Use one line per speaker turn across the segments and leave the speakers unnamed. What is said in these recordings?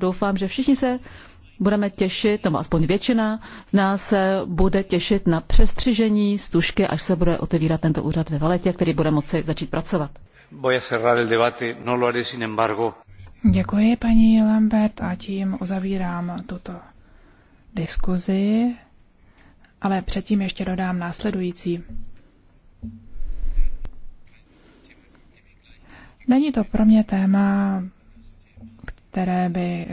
doufám, že všichni se budeme těšit, nebo aspoň většina z nás se bude těšit na přestřižení stužky, až se bude otevírat tento úřad ve Valetě, který bude moci začít pracovat.
No
Děkuji, paní Lambert, a tím uzavírám tuto diskuzi, ale předtím ještě dodám následující. Není to pro mě téma které by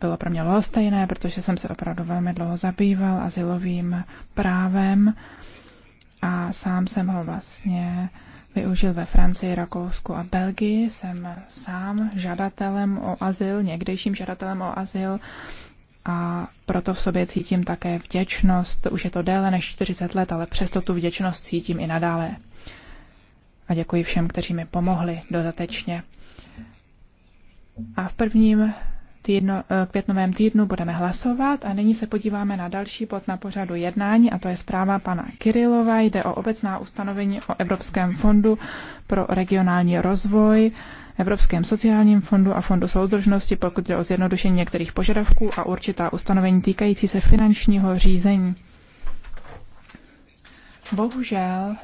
bylo pro mě lhostejné, protože jsem se opravdu velmi dlouho zabýval asilovým právem a sám jsem ho vlastně využil ve Francii, Rakousku a Belgii. Jsem sám žadatelem o azyl, někdejším žadatelem o azyl a proto v sobě cítím také vděčnost. Už je to déle než 40 let, ale přesto tu vděčnost cítím i nadále. A děkuji všem, kteří mi pomohli dodatečně a v prvním týdno, eh, květnovém týdnu budeme hlasovat a nyní se podíváme na další bod na pořadu jednání a to je zpráva pana Kirilova. Jde o obecná ustanovení o Evropském fondu pro regionální rozvoj, Evropském sociálním fondu a fondu soudržnosti, pokud jde o zjednodušení některých požadavků a určitá ustanovení týkající se finančního řízení. Bohužel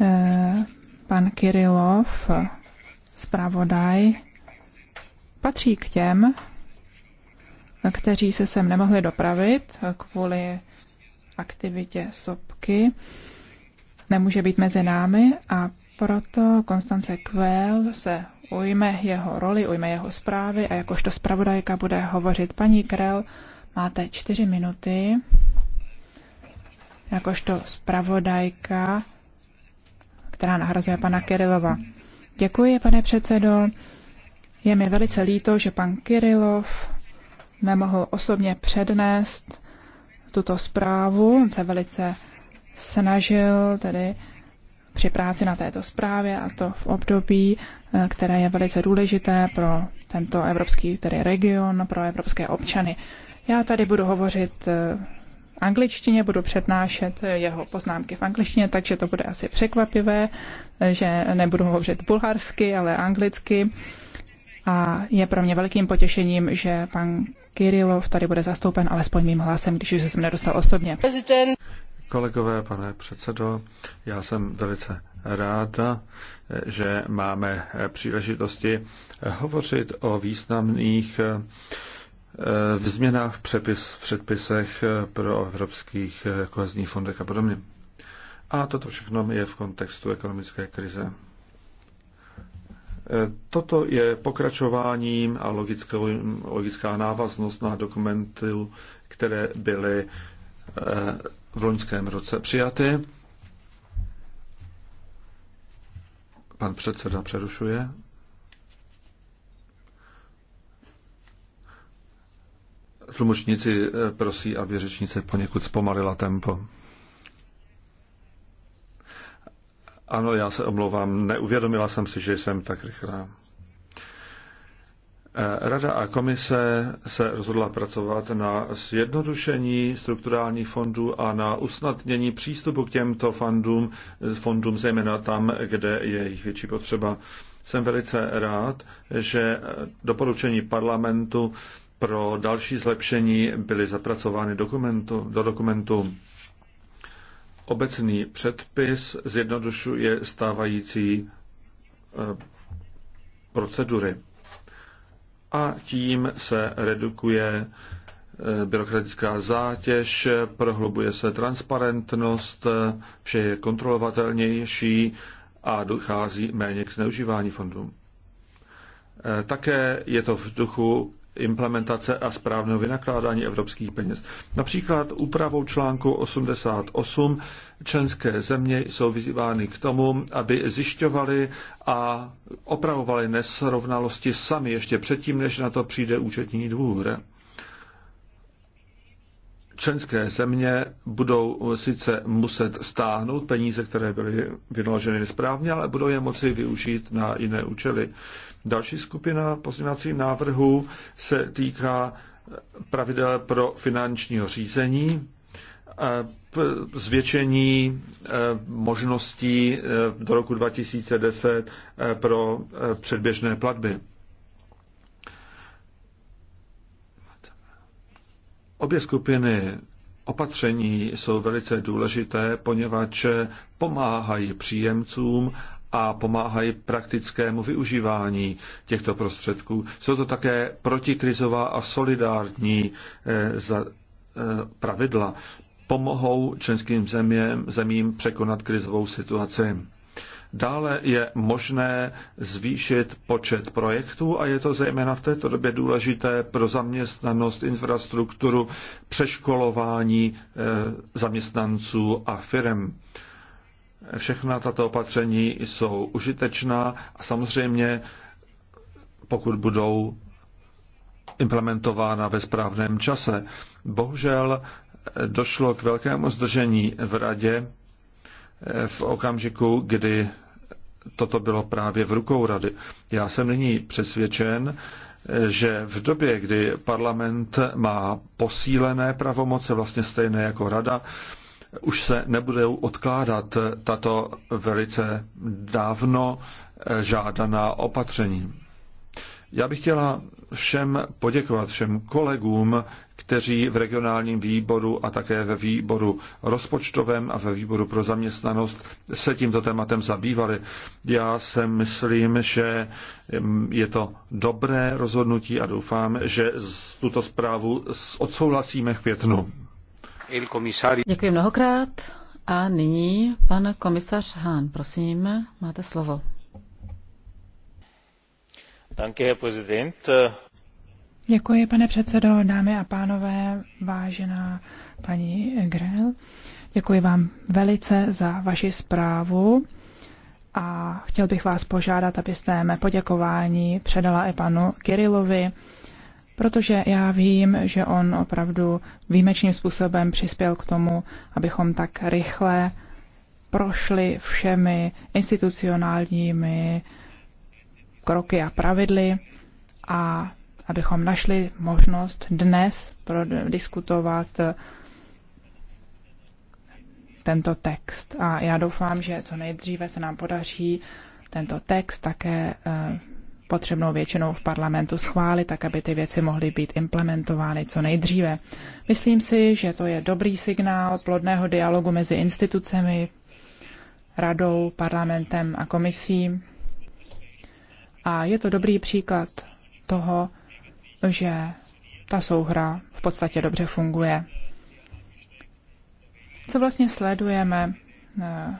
eh, pan Kirilov zpravodaj patří k těm, kteří se sem nemohli dopravit kvůli aktivitě sopky. Nemůže být mezi námi a proto Konstance Kvel se ujme jeho roli, ujme jeho zprávy a jakožto zpravodajka bude hovořit paní Krel. Máte čtyři minuty. Jakožto zpravodajka, která nahrazuje pana Kirilova. Děkuji, pane předsedo. Je mi velice líto, že pan Kirilov nemohl osobně přednést tuto zprávu. On se velice snažil tedy při práci na této zprávě a to v období, eh, které je velice důležité pro tento evropský tedy region, pro evropské občany. Já tady budu hovořit eh, angličtině, budu přednášet jeho poznámky v angličtině, takže to bude asi překvapivé, že nebudu hovořit bulharsky, ale anglicky. A je pro mě velkým potěšením, že pan Kirilov tady bude zastoupen alespoň mým hlasem, když už jsem nedostal osobně.
Kolegové, pane předsedo, já jsem velice ráda, že máme příležitosti hovořit o významných Eh, v změnách v, přepis, v předpisech eh, pro evropských eh, kohezních fondech a podobně. A toto všechno je v kontextu ekonomické krize. Toto je pokračováním a logická návaznost na dokumenty, které byly v loňském roce přijaty. Pan předseda přerušuje. Tlumočníci eh, prosí, aby řečnice poněkud zpomalila tempo. Ano, já se omlouvám, neuvědomila jsem si, že jsem tak rychlá. Eh, Rada a komise se rozhodla pracovat na zjednodušení strukturálních fondů a na usnadnění přístupu k těmto fondům, fondům zejména tam, kde je jejich větší potřeba. Jsem velice rád, že doporučení parlamentu pro další zlepšení byly zapracovány dokumentu, do dokumentu. Obecný předpis zjednodušuje stávající eh, procedury a tím se redukuje eh, byrokratická zátěž, prohlubuje se transparentnost, vše je kontrolovatelnější a dochází méně k zneužívání fondů. Eh, také je to v duchu implementace a správného vynakládání evropských peněz. Například úpravou článku 88 členské země jsou vyzývány k tomu, aby zjišťovali a opravovali nesrovnalosti sami ještě předtím, než na to přijde účetní dvůr členské země budou sice muset stáhnout peníze, které byly vynaloženy nesprávně, ale budou je moci využít na jiné účely. Další skupina pozměňovacích návrhů se týká pravidel pro finančního řízení, eh, zvětšení eh, možností eh, do roku 2010 pro předběžné platby. Obě skupiny opatření jsou velice důležité, poněvadž pomáhají příjemcům a pomáhají praktickému využívání těchto prostředků. Jsou to také protikrizová a solidární eh, eh, pravidla. Pomohou členským zemím překonat krizovou situaci. Dále je možné zvýšit počet projektů a je to zejména v této době důležité pro zaměstnanost, infrastrukturu, přeškolování eh, zaměstnanců a firm. Všechna tato opatření jsou užitečná a samozřejmě, pokud budou implementována ve správném čase. Bohužel eh, došlo k velkému zdržení v radě eh, v okamžiku, kdy toto bylo právě v rukou rady. Já jsem nyní přesvědčen, že v době, kdy parlament má posílené pravomoce, vlastně stejné jako rada, už se nebudou odkládat tato velice dávno žádaná opatření. Já bych chtěla všem poděkovat, všem kolegům, kteří v regionálním výboru a také ve výboru rozpočtovém a ve výboru pro zaměstnanost se tímto tématem zabývali. Já se myslím, že je to dobré rozhodnutí a doufám, že tuto zprávu odsouhlasíme v květnu.
Děkuji
mnohokrát. A nyní pan komisař Hán,
prosím, máte slovo. Děkuji, pane předsedo, dámy a pánové, vážená paní Grel. Děkuji vám velice za vaši zprávu a chtěl bych vás požádat, abyste mé poděkování předala i panu Kirilovi, protože já vím, že on opravdu výjimečným způsobem přispěl k tomu, abychom tak rychle prošli všemi institucionálními kroky a pravidly a abychom našli možnost dnes diskutovat eh, tento text. A já doufám, že co nejdříve se nám podaří tento text také eh, potřebnou většinou v parlamentu schválit, tak aby ty věci mohly být implementovány co nejdříve. Myslím si, že to je dobrý signál plodného dialogu mezi institucemi, radou, parlamentem a komisí. A je to dobrý příklad toho, že ta souhra v podstatě dobře funguje. Co vlastně sledujeme eh,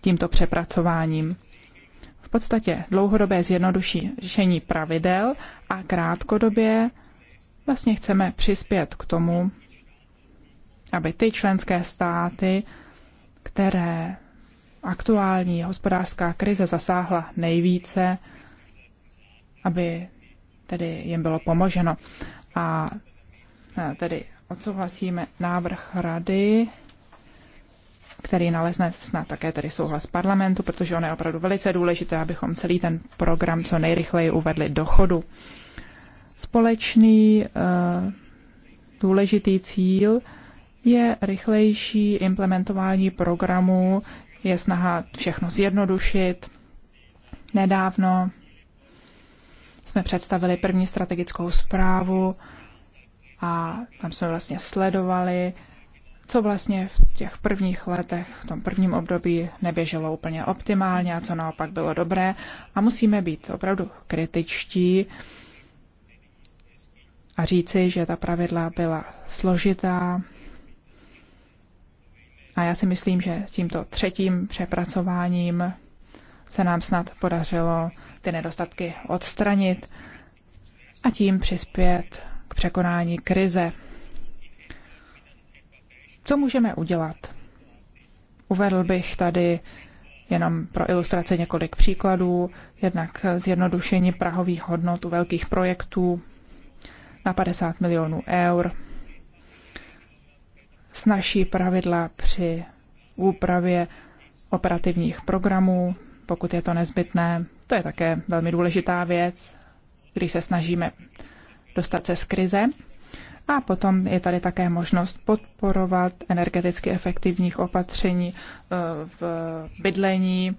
tímto přepracováním? V podstatě dlouhodobé zjednodušení pravidel a krátkodobě vlastně chceme přispět k tomu, aby ty členské státy, které aktuální hospodářská krize zasáhla nejvíce, aby tedy jim bylo pomoženo. A e, tedy odsouhlasíme návrh rady, který nalezne snad také tedy souhlas parlamentu, protože on je opravdu velice důležité, abychom celý ten program co nejrychleji uvedli do chodu. Společný uh, důležitý cíl je rychlejší implementování programu je snaha všechno zjednodušit. Nedávno jsme představili první strategickou zprávu a tam jsme vlastně sledovali, co vlastně v těch prvních letech, v tom prvním období neběželo úplně optimálně a co naopak bylo dobré. A musíme být opravdu kritičtí a říci, že ta pravidla byla složitá, a já si myslím, že tímto třetím přepracováním se nám snad podařilo ty nedostatky odstranit a tím přispět k překonání krize. Co můžeme udělat? Uvedl bych tady jenom pro ilustraci několik příkladů, jednak zjednodušení prahových hodnot u velkých projektů na 50 milionů eur, snažší pravidla při úpravě operativních programů, pokud je to nezbytné. To je také velmi důležitá věc, když se snažíme dostat se z krize. A potom je tady také možnost podporovat energeticky efektivních opatření eh, v bydlení.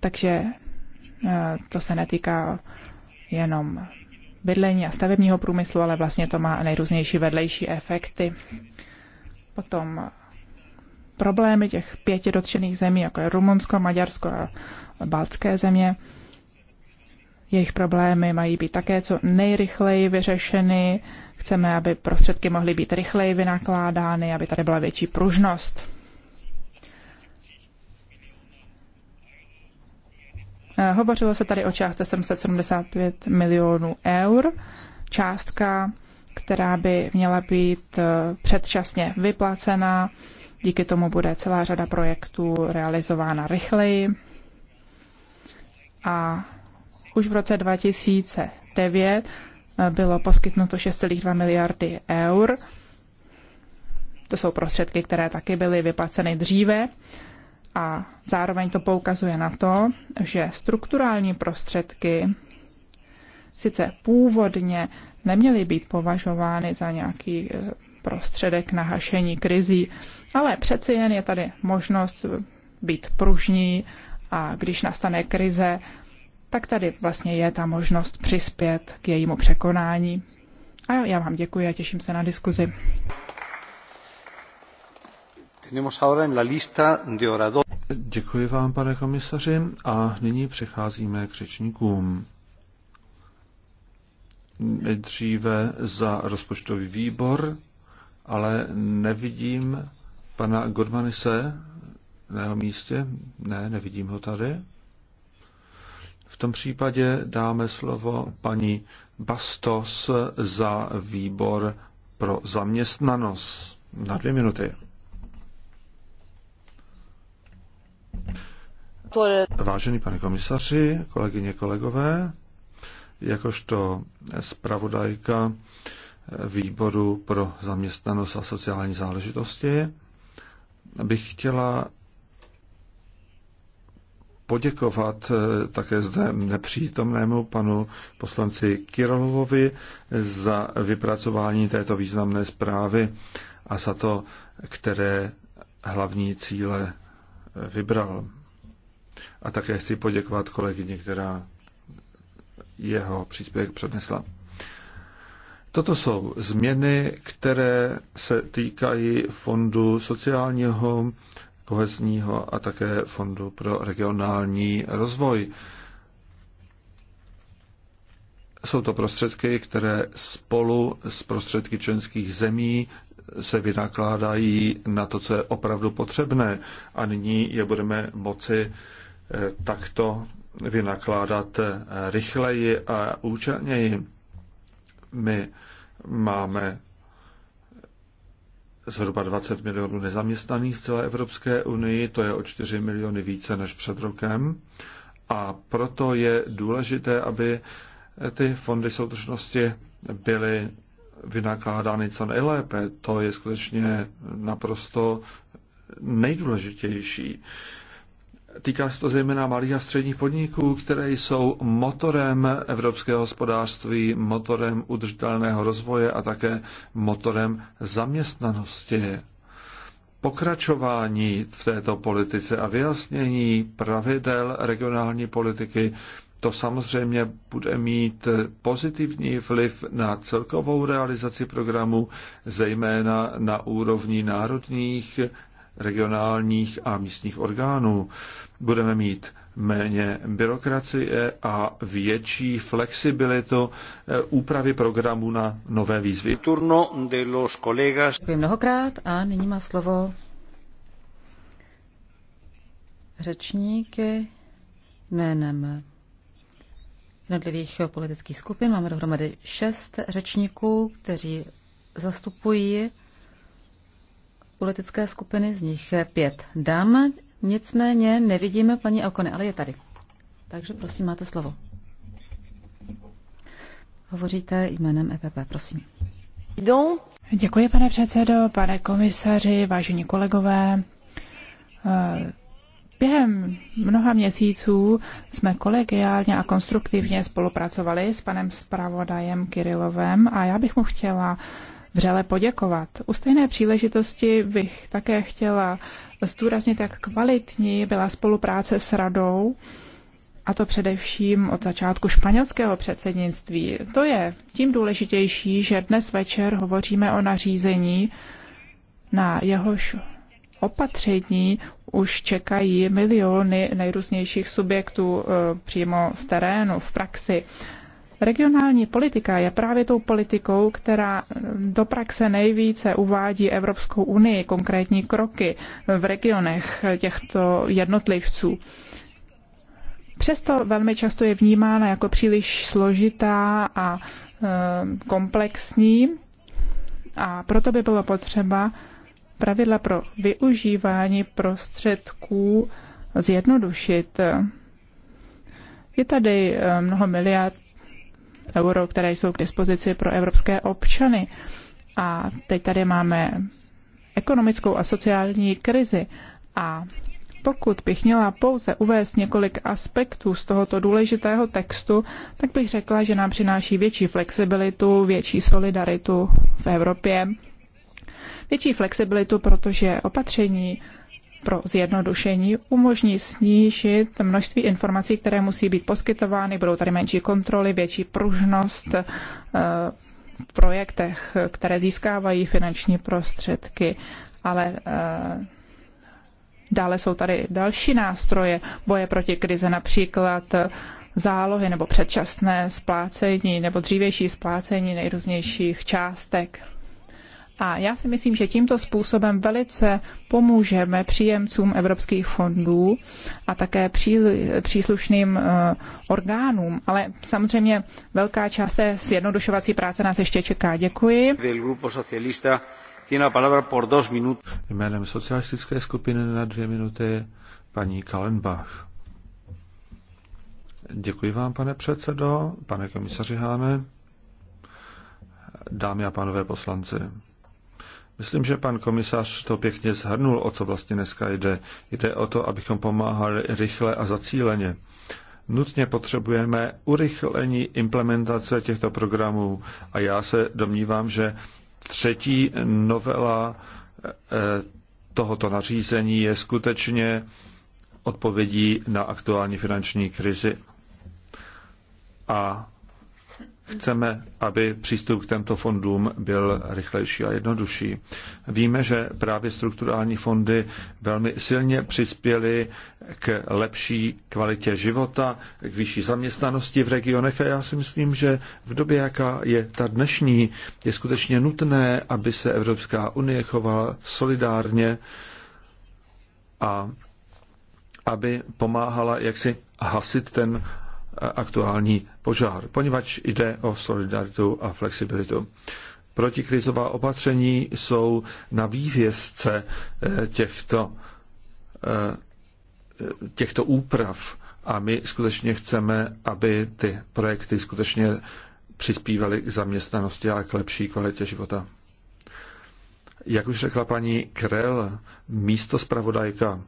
Takže eh, to se netýká jenom bydlení a stavebního průmyslu, ale vlastně to má nejrůznější vedlejší efekty. Potom problémy těch pěti dotčených zemí, jako je Rumunsko, Maďarsko a Baltské země. Jejich problémy mají být také co nejrychleji vyřešeny. Chceme, aby prostředky mohly být rychleji vynakládány, aby tady byla větší pružnost. Eh, hovořilo se tady o částce 775 milionů eur, částka, která by měla být eh, předčasně vyplacena. Díky tomu bude celá řada projektů realizována rychleji. A už v roce 2009 eh, bylo poskytnuto 6,2 miliardy eur. To jsou prostředky, které taky byly vyplaceny dříve a zároveň to poukazuje na to, že strukturální prostředky sice původně neměly být považovány za nějaký e, prostředek na hašení krizí, ale přeci jen je tady možnost být pružní a když nastane krize, tak tady vlastně je ta možnost přispět k jejímu překonání. A já vám děkuji a těším se na diskuzi.
Děkuji vám, pane komisaři, a nyní přecházíme k řečníkům. Nejdříve za rozpočtový výbor, ale nevidím pana Godmanise na jeho místě. Ne, nevidím ho tady. V tom případě dáme slovo paní Bastos za výbor pro zaměstnanost na dvě minuty. Vážený pane komisaři, kolegyně, kolegové, jakožto zpravodajka výboru pro zaměstnanost a sociální záležitosti bych chtěla poděkovat eh, také zde nepřítomnému panu poslanci Kirolovovi za vypracování této významné zprávy a za to, které hlavní cíle vybral. A také chci poděkovat kolegyni, která jeho příspěvek přednesla. Toto jsou změny, které se týkají Fondu sociálního, kohezního a také Fondu pro regionální rozvoj. Jsou to prostředky, které spolu s prostředky členských zemí se vynakládají na to, co je opravdu potřebné. A nyní je budeme moci takto vynakládat rychleji a účelněji. My máme zhruba 20 milionů nezaměstnaných v celé Evropské unii, to je o 4 miliony více než před rokem. A proto je důležité, aby ty fondy soudržnosti byly vynakládány co nejlépe. To je skutečně naprosto nejdůležitější. Týká se to zejména malých a středních podniků, které jsou motorem evropského hospodářství, motorem udržitelného rozvoje a také motorem zaměstnanosti. Pokračování v této politice a vyjasnění pravidel regionální politiky, to samozřejmě bude mít pozitivní vliv na celkovou realizaci programu, zejména na úrovni národních regionálních a místních orgánů. Budeme mít méně byrokracie a větší flexibilitu eh, úpravy programu na nové výzvy. Turno de los colegas. Děkuji
mnohokrát a nyní má slovo řečníky jménem jednotlivých politických skupin. Máme dohromady šest řečníků, kteří zastupují politické skupiny, z nich pět dám. Nicméně nevidíme paní Okony, ale je tady. Takže prosím, máte slovo. Hovoříte jménem EPP,
prosím. Děkuji, pane předsedo, pane komisaři, vážení kolegové. Eh, během mnoha měsíců jsme kolegiálně a konstruktivně spolupracovali s panem zpravodajem Kirilovem a já bych mu chtěla vřele poděkovat. U stejné příležitosti bych také chtěla zdůraznit, jak kvalitní byla spolupráce s radou, a to především od začátku španělského předsednictví. To je tím důležitější, že dnes večer hovoříme o nařízení, na jehož opatření už čekají miliony nejrůznějších subjektů eh, přímo v terénu, v praxi. Regionální politika je právě tou politikou, která do praxe nejvíce uvádí Evropskou unii konkrétní kroky v regionech těchto jednotlivců. Přesto velmi často je vnímána jako příliš složitá a e, komplexní a proto by bylo potřeba pravidla pro využívání prostředků zjednodušit. Je tady e, mnoho miliard euro, které jsou k dispozici pro evropské občany. A teď tady máme ekonomickou a sociální krizi. A pokud bych měla pouze uvést několik aspektů z tohoto důležitého textu, tak bych řekla, že nám přináší větší flexibilitu, větší solidaritu v Evropě, větší flexibilitu, protože opatření pro zjednodušení umožní snížit množství informací, které musí být poskytovány. Budou tady menší kontroly, větší pružnost eh, v projektech, které získávají finanční prostředky, ale eh, dále jsou tady další nástroje boje proti krize, například eh, zálohy nebo předčasné splácení nebo dřívější splácení nejrůznějších částek. A já si myslím, že tímto způsobem velice pomůžeme příjemcům evropských fondů a také příslušným eh, orgánům. Ale samozřejmě velká část té zjednodušovací práce nás ještě čeká. Děkuji.
Jménem socialistické skupiny na dvě minuty paní Kalenbach. Děkuji vám, pane předsedo, pane komisaři Háne, dámy a pánové poslanci. Myslím, že pan komisař to pěkně zhrnul, o co vlastně dneska jde. Jde o to, abychom pomáhali rychle a zacíleně. Nutně potřebujeme urychlení implementace těchto programů a já se domnívám, že třetí novela eh, tohoto nařízení je skutečně odpovědí na aktuální finanční krizi. A chceme, aby přístup k těmto fondům byl rychlejší a jednodušší. Víme, že právě strukturální fondy velmi silně přispěly k lepší kvalitě života, k vyšší zaměstnanosti v regionech a já si myslím, že v době, jaká je ta dnešní, je skutečně nutné, aby se Evropská unie chovala solidárně a aby pomáhala jaksi hasit ten aktuální požár, poněvadž jde o solidaritu a flexibilitu. Protikrizová opatření jsou na vývězce eh, těchto, eh, těchto úprav a my skutečně chceme, aby ty projekty skutečně přispívaly k zaměstnanosti a k lepší kvalitě života. Jak už řekla paní Krell, místo zpravodajka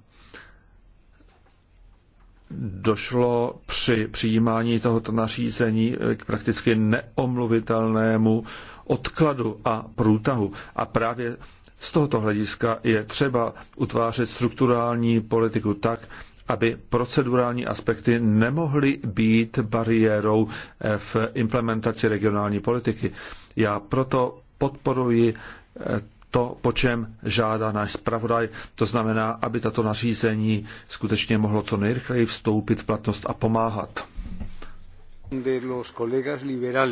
došlo při přijímání tohoto nařízení eh, k prakticky neomluvitelnému odkladu a průtahu. A právě z tohoto hlediska je třeba utvářet strukturální politiku tak, aby procedurální aspekty nemohly být bariérou eh, v implementaci regionální politiky. Já proto podporuji eh, to, po čem žádá náš zpravodaj, to znamená, aby tato nařízení skutečně mohlo co nejrychleji vstoupit v platnost a pomáhat.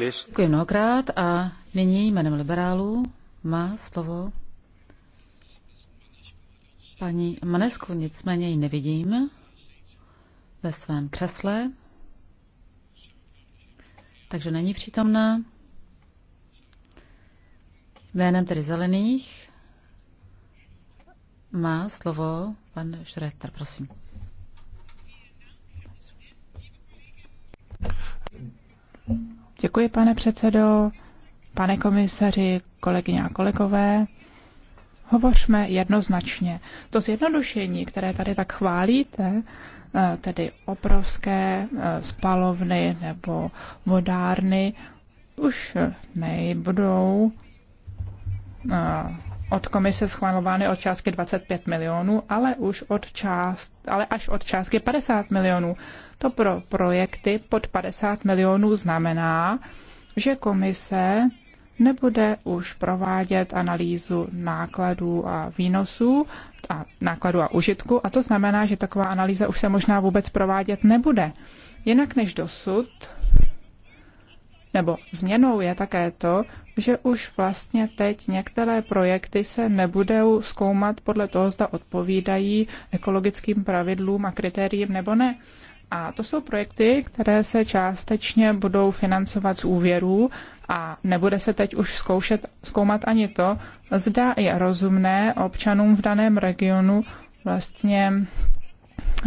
Děkuji
mnohokrát a nyní jménem liberálů má slovo paní Manesku, nicméně ji nevidím ve svém křesle, takže není přítomná. Jménem tedy zelených má slovo pan Šreter, prosím.
Děkuji, pane předsedo, pane komisaři, kolegyně a kolegové. Hovořme jednoznačně. To zjednodušení, které tady tak chválíte, eh, tedy obrovské eh, spalovny nebo vodárny, už eh, nebudou Eh, od komise schvalovány od částky 25 milionů, ale už od část, ale až od částky 50 milionů. To pro projekty pod 50 milionů znamená, že komise nebude už provádět analýzu nákladů a výnosů a nákladů a užitku a to znamená, že taková analýza už se možná vůbec provádět nebude. Jinak než dosud nebo změnou je také to, že už vlastně teď některé projekty se nebudou zkoumat podle toho, zda odpovídají ekologickým pravidlům a kritériím nebo ne. A to jsou projekty, které se částečně budou financovat z úvěrů a nebude se teď už zkoušet, zkoumat ani to, zda je rozumné občanům v daném regionu vlastně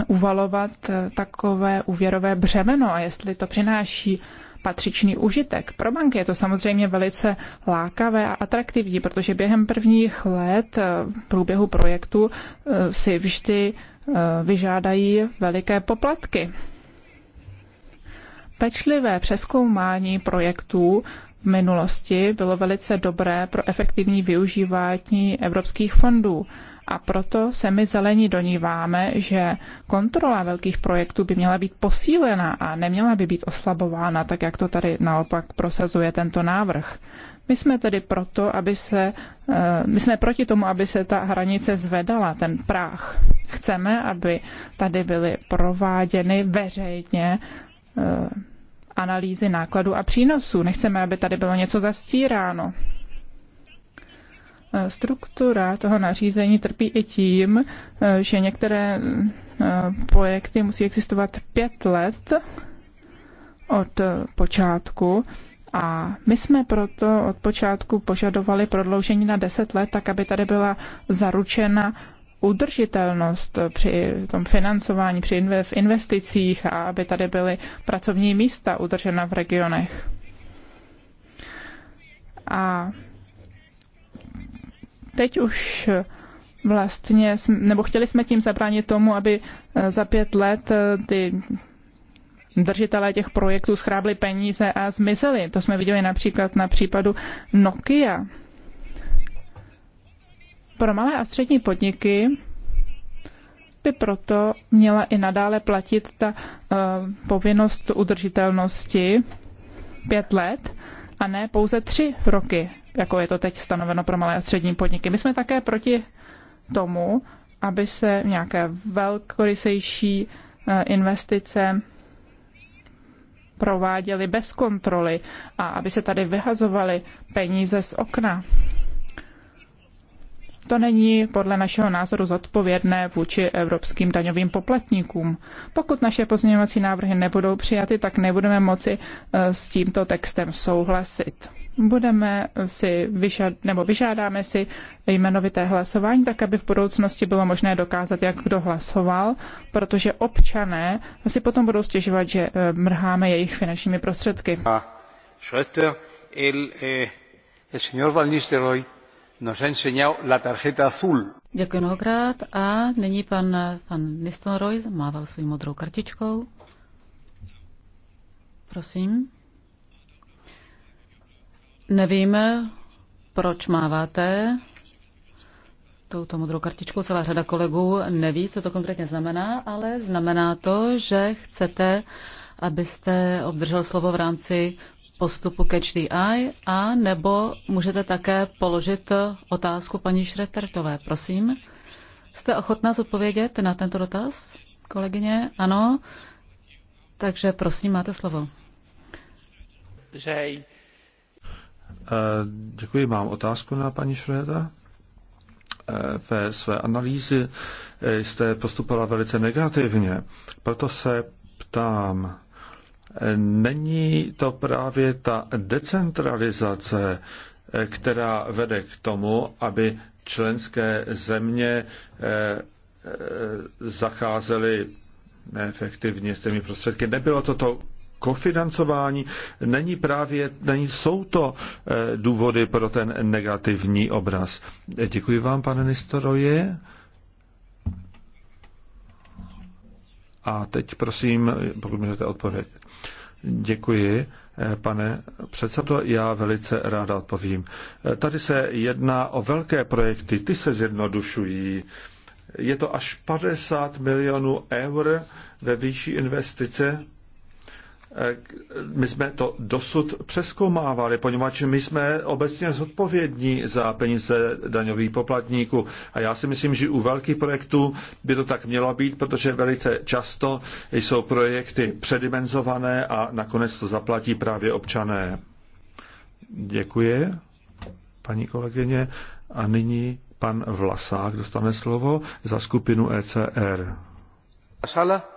uvalovat takové úvěrové břemeno a jestli to přináší patřičný užitek. Pro banky je to samozřejmě velice lákavé a atraktivní, protože během prvních let eh, průběhu projektu eh, si vždy eh, vyžádají veliké poplatky. Pečlivé přeskoumání projektů v minulosti bylo velice dobré pro efektivní využívání evropských fondů. A proto se my zelení doníváme, že kontrola velkých projektů by měla být posílena a neměla by být oslabována, tak jak to tady naopak prosazuje tento návrh. My jsme tedy proto, aby se, eh, my jsme proti tomu, aby se ta hranice zvedala, ten práh. Chceme, aby tady byly prováděny veřejně eh, analýzy nákladů a přínosů. Nechceme, aby tady bylo něco zastíráno. Eh, struktura toho nařízení trpí i tím, eh, že některé eh, projekty musí existovat pět let od počátku a my jsme proto od počátku požadovali prodloužení na 10 let, tak aby tady byla zaručena udržitelnost při tom financování, při investicích a aby tady byly pracovní místa udržena v regionech. A Teď už eh, vlastně, nebo chtěli jsme tím zabránit tomu, aby eh, za pět let eh, ty držitelé těch projektů schrábli peníze a zmizeli. To jsme viděli například na případu Nokia. Pro malé a střední podniky by proto měla i nadále platit ta uh, povinnost udržitelnosti pět let a ne pouze tři roky jako je to teď stanoveno pro malé a střední podniky. My jsme také proti tomu, aby se nějaké velkorysejší eh, investice prováděly bez kontroly a aby se tady vyhazovaly peníze z okna. To není podle našeho názoru zodpovědné vůči evropským daňovým poplatníkům. Pokud naše pozměňovací návrhy nebudou přijaty, tak nebudeme moci eh, s tímto textem souhlasit budeme si vyžad, nebo vyžádáme si jmenovité hlasování, tak aby v budoucnosti bylo možné dokázat, jak kdo hlasoval, protože občané si potom budou stěžovat, že eh, mrháme jejich finančními prostředky. A
Schroeder, el, eh, el señor Van Nistelrooy nos ha enseñado la tarjeta azul.
Děkuji mnohokrát
a nyní pan, pan Nistelrooy mával svou modrou kartičkou. Prosím. Nevíme, proč máváte touto modrou kartičkou. Celá řada kolegů neví, co to konkrétně znamená, ale znamená to, že chcete, abyste obdržel slovo v rámci postupu Catch the Eye a nebo můžete také položit otázku paní Šretertové. Prosím, jste ochotná zodpovědět na tento dotaz, kolegyně? Ano, takže prosím, máte slovo.
Že
Eh, děkuji, mám otázku na paní Šreda. Eh, ve své analýzy eh, jste postupovala velice negativně, proto se ptám, není to právě ta decentralizace, která vede k tomu, aby členské země zacházely neefektivně s těmi prostředky. Nebylo to to kofinancování. Není právě, není, jsou to eh, důvody pro ten negativní obraz. Děkuji vám, pane Nistoroje. A teď prosím, pokud můžete odpovědět. Děkuji, eh, pane předsedo. Já velice ráda odpovím. Eh, tady se jedná o velké projekty, ty se zjednodušují. Je to až 50 milionů eur ve výši investice Eh, my jsme to dosud přeskoumávali, poněvadž my jsme obecně zodpovědní za peníze daňových poplatníků. A já si myslím, že u velkých projektů by to tak mělo být, protože velice často jsou projekty předimenzované a nakonec to zaplatí právě občané. Děkuji, paní kolegyně. A nyní pan Vlasák dostane slovo za skupinu ECR.
Asala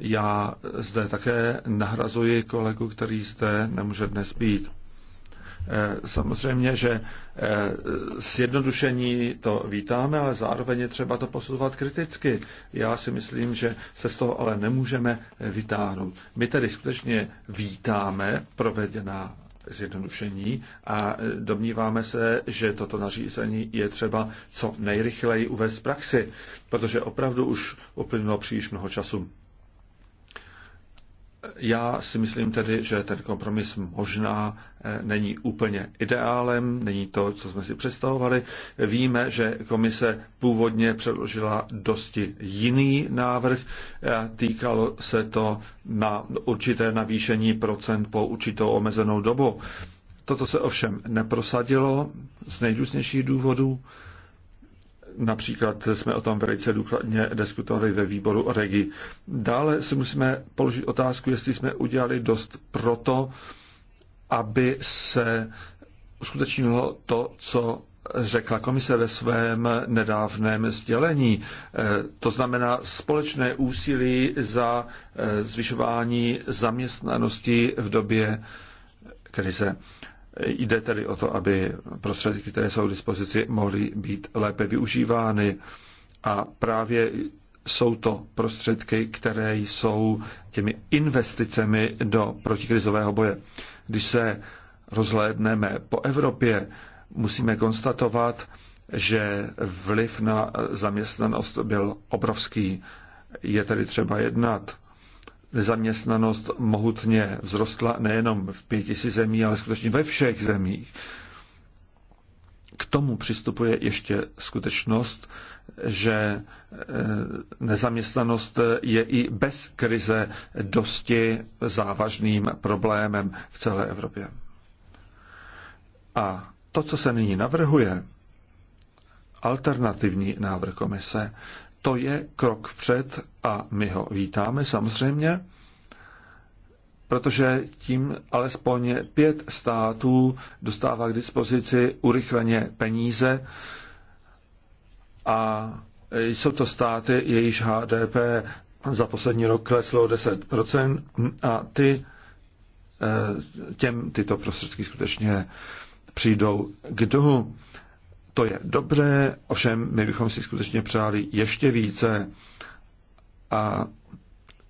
Já zde také nahrazuji kolegu, který zde nemůže dnes být. Eh, samozřejmě, že sjednodušení eh, to vítáme, ale zároveň je třeba to posuzovat kriticky. Já si myslím, že se z toho ale nemůžeme vytáhnout. My tedy skutečně vítáme provedená zjednodušení a domníváme se, že toto nařízení je třeba co nejrychleji uvést v praxi, protože opravdu už uplynulo příliš mnoho času. Já si myslím tedy, že ten kompromis možná eh, není úplně ideálem, není to, co jsme si představovali. Víme, že komise původně předložila dosti jiný návrh. Eh, týkalo se to na určité navýšení procent po určitou omezenou dobu. Toto se ovšem neprosadilo z nejdůsnějších důvodů Například jsme o tom velice důkladně diskutovali ve výboru REGI. Dále si musíme položit otázku, jestli jsme udělali dost proto, aby se uskutečnilo to, co řekla komise ve svém nedávném sdělení. E, to znamená společné úsilí za e, zvyšování zaměstnanosti v době krize. Jde tedy o to, aby prostředky, které jsou k dispozici, mohly být lépe využívány. A právě jsou to prostředky, které jsou těmi investicemi do protikrizového boje. Když se rozhlédneme po Evropě, musíme konstatovat, že vliv na zaměstnanost byl obrovský. Je tedy třeba jednat nezaměstnanost mohutně vzrostla nejenom v pěti zemí, ale skutečně ve všech zemích. K tomu přistupuje ještě skutečnost, že e, nezaměstnanost je i bez krize dosti závažným problémem v celé Evropě. A to, co se nyní navrhuje, alternativní návrh komise, to je krok vpřed a my ho vítáme samozřejmě, protože tím alespoň pět států dostává k dispozici urychleně peníze a jsou to státy, jejíž HDP za poslední rok kleslo 10% a ty eh, těm tyto prostředky skutečně přijdou k dohu. To je dobře, ovšem my bychom si skutečně přáli ještě více. A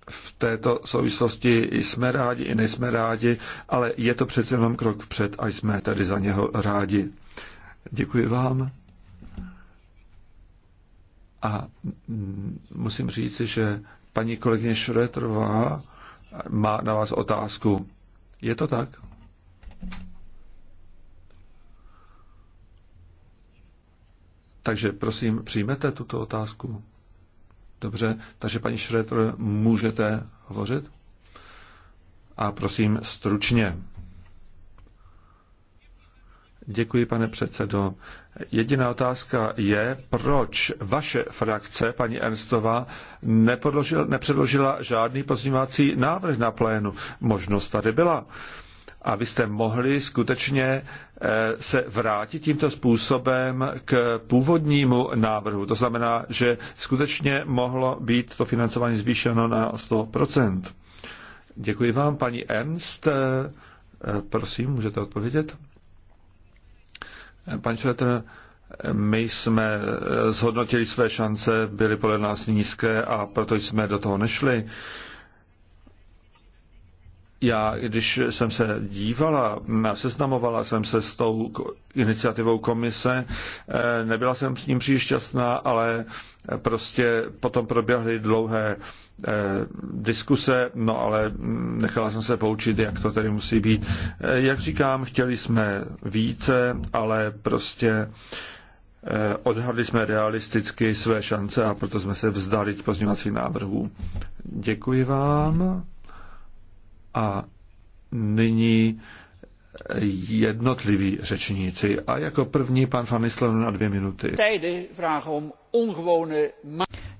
v této souvislosti jsme rádi i nejsme rádi, ale je to přece jenom krok vpřed a jsme tady za něho rádi. Děkuji vám. A musím říct, že paní kolegyně Šretrová má na vás otázku. Je to tak? Takže prosím, přijmete tuto otázku? Dobře, takže paní Schroeder, můžete hovořit? A prosím stručně. Děkuji, pane předsedo. Jediná otázka je, proč vaše frakce, paní Ernstová, nepředložila žádný pozměňovací návrh na plénu. Možnost tady byla. Uh, abyste mohli skutečně eh, se vrátit tímto způsobem k původnímu návrhu. To znamená, že skutečně mohlo být to financování zvýšeno na 100%. Děkuji vám, paní Ernst. Eh, prosím, můžete odpovědět? Pan Šretr, my jsme zhodnotili své šance, byly podle nás nízké a proto jsme do toho nešli. Já, když jsem se dívala, seznamovala jsem se s tou iniciativou komise, eh, nebyla jsem s ním příliš šťastná, ale prostě potom proběhly dlouhé eh, diskuse, no ale mm, nechala jsem se poučit, jak to tedy musí být. Eh, jak říkám, chtěli jsme více, ale prostě odhadli jsme realisticky své šance a proto jsme se vzdali pozměňovacích návrhů. Děkuji vám a nyní jednotliví řečníci. A jako první pan Fanislav na dvě minuty.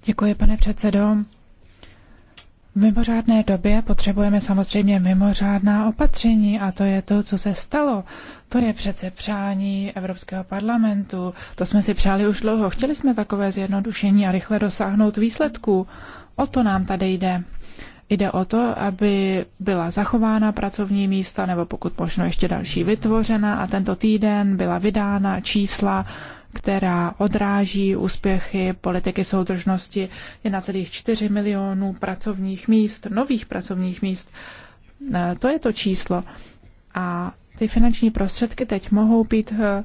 Děkuji, pane předsedo. V mimořádné době potřebujeme samozřejmě mimořádná opatření a to je to, co se stalo. To je přece přání Evropského parlamentu. To jsme si přáli už dlouho. Chtěli jsme takové zjednodušení a rychle dosáhnout výsledků. O to nám tady jde. Jde o to, aby byla zachována pracovní místa nebo pokud možno ještě další vytvořena a tento týden byla vydána čísla, která odráží úspěchy politiky soudržnosti 1,4 milionů pracovních míst, nových pracovních míst. E, to je to číslo. A ty finanční prostředky teď mohou být e,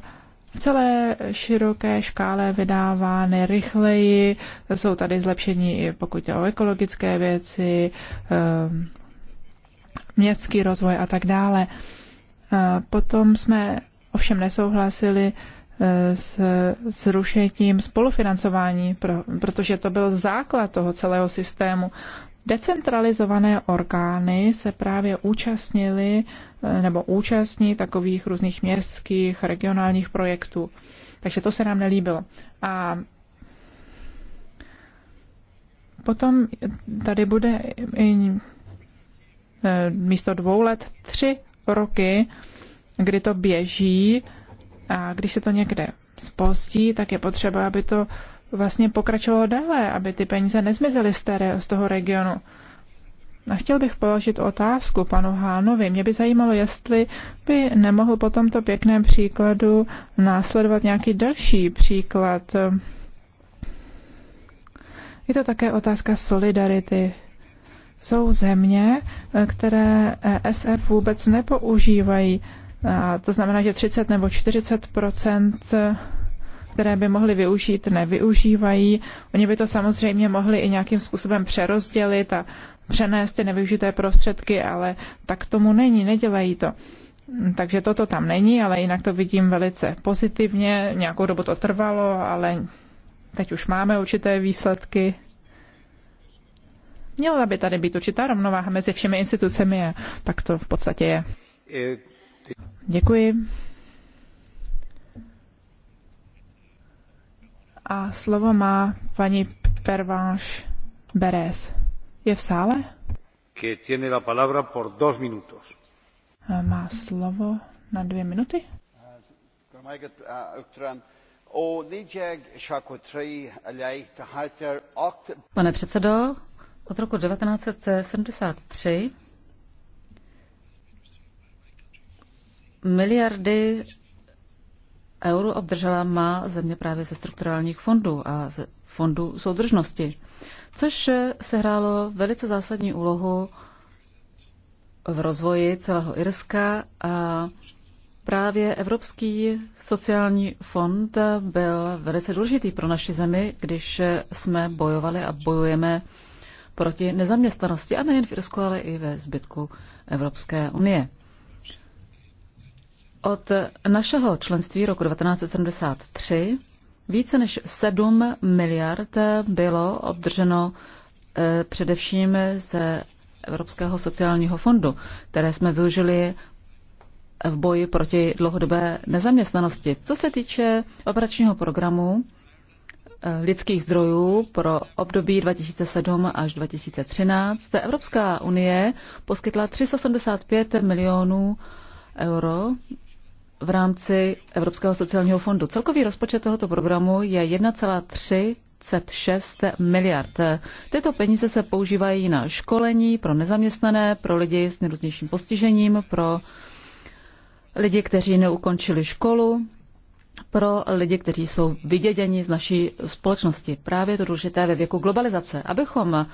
v celé široké škále vydávány rychleji. Jsou tady zlepšení, i pokud je o ekologické věci, ehm, městský rozvoj a tak dále. Eh, potom jsme ovšem nesouhlasili eh, s zrušením spolufinancování, protože to byl základ toho celého systému. Decentralizované orgány se právě účastnily Eh, nebo účastní takových různých městských, regionálních projektů. Takže to se nám nelíbilo. A potom tady bude i eh, místo dvou let tři roky, kdy to běží a když se to někde spostí, tak je potřeba, aby to vlastně pokračovalo dále, aby ty peníze nezmizely z toho regionu. A chtěl bych položit otázku panu Hánovi. Mě by zajímalo, jestli by nemohl po tomto pěkném příkladu následovat nějaký další příklad. Je to také otázka solidarity. Jsou země, které e SF vůbec nepoužívají. A to znamená, že 30 nebo 40 které by mohly využít, nevyužívají. Oni by to samozřejmě mohli i nějakým způsobem přerozdělit a přenést ty nevyužité prostředky, ale tak tomu není, nedělají to. Takže toto tam není, ale jinak to vidím velice pozitivně. Nějakou dobu to trvalo, ale teď už máme určité výsledky. Měla by tady být určitá rovnováha mezi všemi institucemi a tak to v podstatě je. Děkuji. A slovo má paní Pervanš Beres. Je v sále? Eh, má slovo na dvě minuty.
Pane předsedo, od roku 1973 miliardy eur obdržela má země právě ze strukturálních fondů a ze fondů soudržnosti což sehrálo velice zásadní úlohu v rozvoji celého Irska a právě Evropský sociální fond byl velice důležitý pro naši zemi, když jsme bojovali a bojujeme proti nezaměstnanosti a nejen v Irsku, ale i ve zbytku Evropské unie. Od našeho členství roku 1973 více než 7 miliard bylo obdrženo eh, především ze Evropského sociálního fondu, které jsme využili v boji proti dlouhodobé nezaměstnanosti. Co se týče operačního programu eh, lidských zdrojů pro období 2007 až 2013, Evropská unie poskytla 375 milionů euro v rámci Evropského sociálního fondu. Celkový rozpočet tohoto programu je 1,36 miliard. Tyto peníze se používají na školení pro nezaměstnané, pro lidi s nejrůznějším postižením, pro lidi, kteří neukončili školu, pro lidi, kteří jsou vyděděni z naší společnosti. Právě to důležité ve věku globalizace. Abychom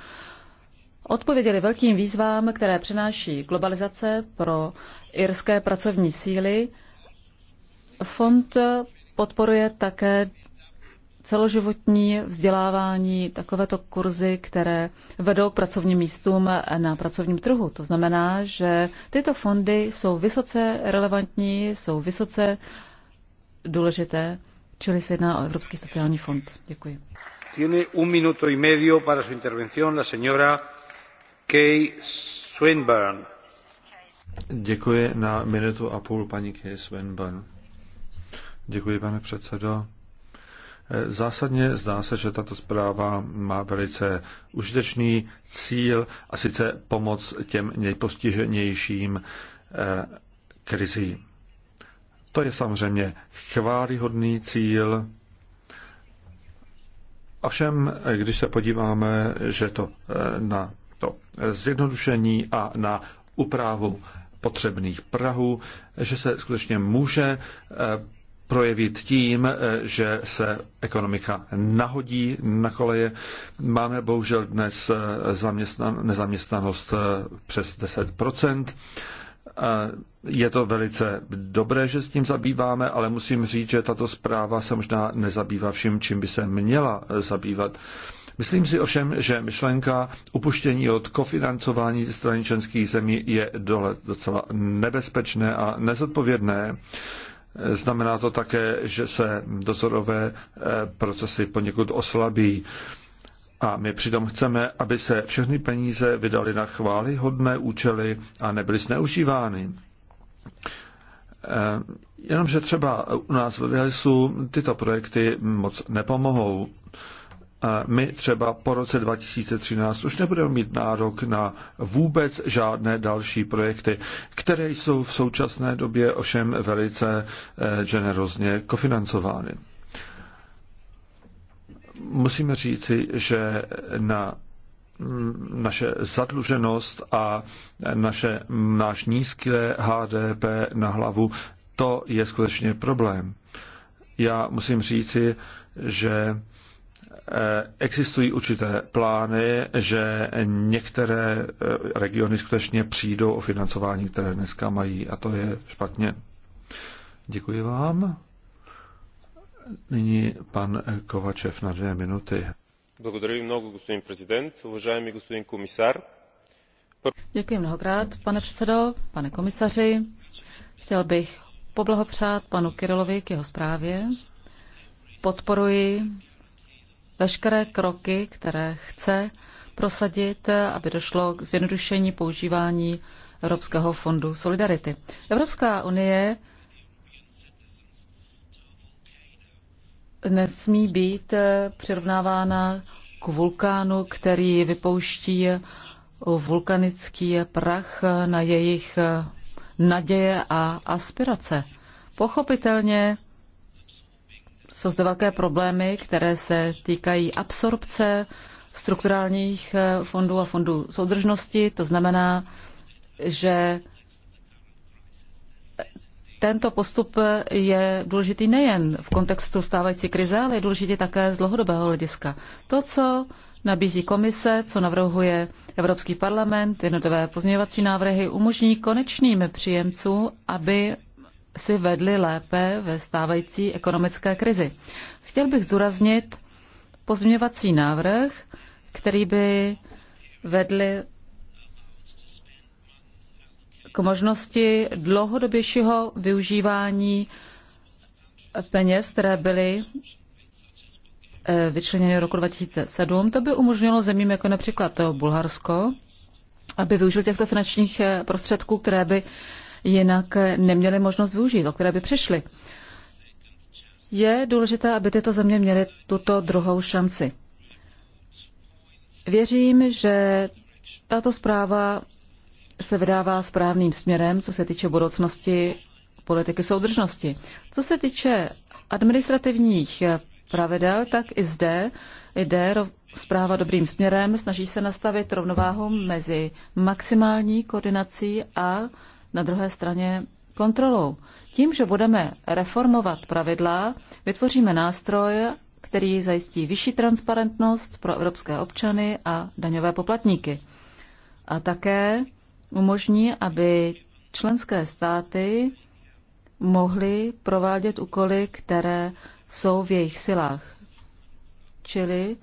odpověděli velkým výzvám, které přináší globalizace pro irské pracovní síly, Fond podporuje také celoživotní vzdělávání, takovéto kurzy, které vedou k pracovním místům na pracovním trhu. To znamená, že tyto fondy jsou vysoce relevantní, jsou vysoce důležité, čili se jedná o Evropský sociální fond. Děkuji.
Tiene un minuto y medio para su intervención la señora Kay Swinburne.
Děkuji na minutu a půl paní Kay Swinburne. Děkuji, pane předsedo. Eh, zásadně zdá se, že tato zpráva má velice užitečný cíl a sice pomoc těm nejpostiženějším eh, krizí. To je samozřejmě chválihodný cíl, Ovšem, eh, když se podíváme, že to na to zjednodušení a na úpravu potřebných Prahu, že se skutečně může projevit tím, eh, že se ekonomika nahodí na koleje. Máme bohužel dnes eh, nezaměstnanost eh, přes 10 je to velice dobré, že s tím zabýváme, ale musím říct, že tato zpráva se možná nezabývá vším, čím by se měla zabývat. Myslím si ovšem, že myšlenka upuštění od kofinancování ze strany členských zemí je dole docela nebezpečné a nezodpovědné. Znamená to také, že se dozorové eh, procesy poněkud oslabí. A my přitom chceme, aby se všechny peníze vydaly na chválihodné účely a nebyly zneužívány. Eh, jenomže třeba u nás ve Velsu tyto projekty moc nepomohou my třeba po roce 2013 už nebudeme mít nárok na vůbec žádné další projekty, které jsou v současné době ovšem velice eh, generozně kofinancovány. Musíme říci, že na mm, naše zadluženost a naše, náš nízké HDP na hlavu, to je skutečně problém. Já musím říci, že Eh, existují určité plány, že některé eh, regiony skutečně přijdou o financování, které dneska mají a to je špatně. Děkuji vám. Nyní pan Kovačev na dvě minuty.
Děkuji mnohokrát, pane předsedo, pane komisaři. Chtěl bych poblahopřát panu Kirilovi k jeho zprávě. Podporuji veškeré kroky, které chce prosadit, aby došlo k zjednodušení používání Evropského fondu Solidarity. Evropská unie nesmí být přirovnávána k vulkánu, který vypouští vulkanický prach na jejich naděje a aspirace. Pochopitelně jsou zde velké problémy, které se týkají absorpce strukturálních eh, fondů a fondů soudržnosti. To znamená, že tento postup je důležitý nejen v kontextu stávající krize, ale je důležitý také z dlouhodobého hlediska. To, co nabízí komise, co navrhuje Evropský parlament, jednotlivé pozměňovací návrhy umožní konečným příjemcům, aby si vedli lépe ve stávající ekonomické krizi. Chtěl bych zdůraznit pozměvací návrh, který by vedli k možnosti dlouhodobějšího využívání peněz, které byly eh, vyčleněny roku 2007. To by umožnilo zemím jako například Bulharsko, aby využil těchto finančních eh, prostředků, které by jinak neměli možnost využít, o které by přišli. Je důležité, aby tyto země měly tuto druhou šanci. Věřím, že tato zpráva se vydává správným směrem, co se týče budoucnosti politiky soudržnosti. Co se týče administrativních pravidel, tak i zde jde zpráva dobrým směrem, snaží se nastavit rovnováhu mezi maximální koordinací a na druhé straně kontrolou. Tím, že budeme reformovat pravidla, vytvoříme nástroj, který zajistí vyšší transparentnost pro evropské občany a daňové poplatníky. A také umožní, aby členské státy mohly provádět úkoly, které jsou v jejich silách. Čili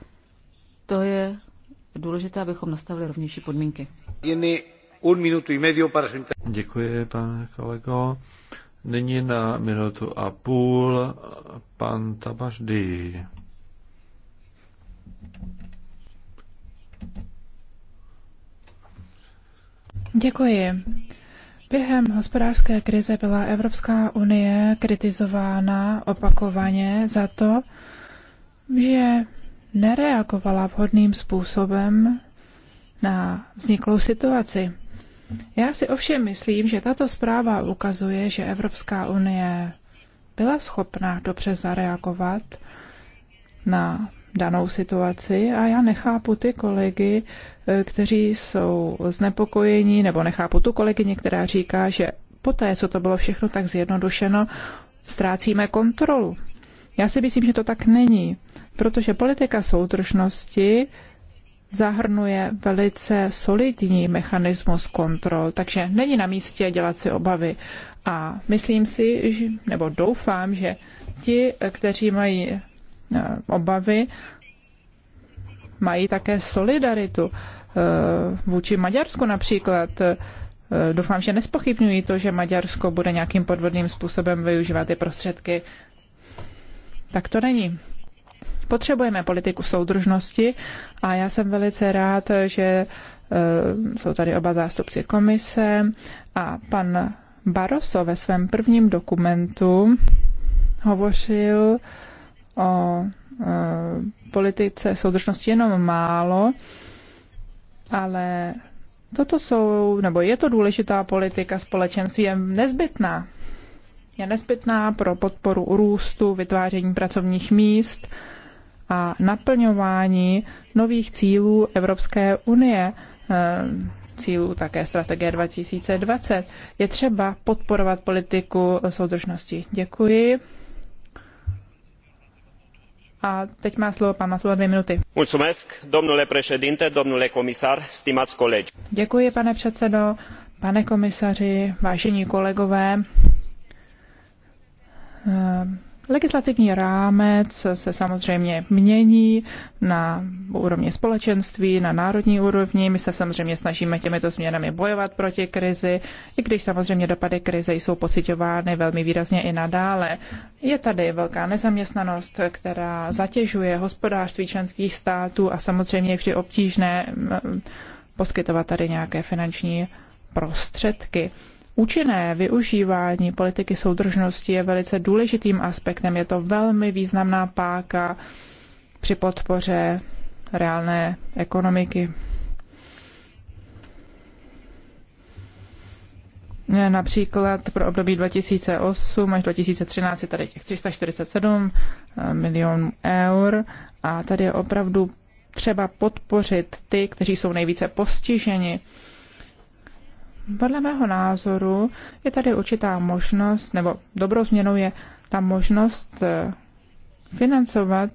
to je důležité, abychom nastavili rovnější podmínky.
Děkuji, pane kolego. Nyní na minutu a půl pan Tabaždy.
Děkuji. Během hospodářské krize byla Evropská unie kritizována opakovaně za to, že nereagovala vhodným způsobem na vzniklou situaci. Já si ovšem myslím, že tato zpráva ukazuje, že Evropská unie byla schopná dobře zareagovat na danou situaci a já nechápu ty kolegy, eh, kteří jsou znepokojení, nebo nechápu tu kolegyni, která říká, že poté, co to bylo všechno tak zjednodušeno, ztrácíme kontrolu. Já si myslím, že to tak není, protože politika soudržnosti zahrnuje velice solidní mechanismus kontrol, takže není na místě dělat si obavy. A myslím si, nebo doufám, že ti, kteří mají eh, obavy, mají také solidaritu eh, vůči Maďarsku například. Eh, doufám, že nespochybňují to, že Maďarsko bude nějakým podvodným způsobem využívat ty prostředky. Tak to není. Potřebujeme politiku soudržnosti a já jsem velice rád, že eh, jsou tady oba zástupci komise a pan Baroso ve svém prvním dokumentu hovořil o eh, politice soudržnosti jenom málo, ale toto jsou, nebo je to důležitá politika společenství, je nezbytná. Je nezbytná pro podporu růstu, vytváření pracovních míst a naplňování nových cílů Evropské unie, eh, cílů také strategie 2020. Je třeba podporovat politiku soudržnosti. Děkuji. A teď má slovo pan Matula dvě minuty.
Mulțumesc, domnule președinte, domnule comisar, stimați colegi.
Děkuji, pane předsedo, pane komisaři, vážení kolegové. Eh, Legislativní rámec se samozřejmě mění na úrovni společenství, na národní úrovni. My se samozřejmě snažíme těmito změnami bojovat proti krizi, i když samozřejmě dopady krize jsou pocitovány velmi výrazně i nadále. Je tady velká nezaměstnanost, která zatěžuje hospodářství členských států a samozřejmě je vždy obtížné mm, poskytovat tady nějaké finanční prostředky. Účinné využívání politiky soudržnosti je velice důležitým aspektem. Je to velmi významná páka při podpoře reálné ekonomiky. Například pro období 2008 až 2013 je tady těch 347 eh, milionů eur a tady je opravdu třeba podpořit ty, kteří jsou nejvíce postiženi podle mého názoru je tady určitá možnost, nebo dobrou změnou je ta možnost eh, financovat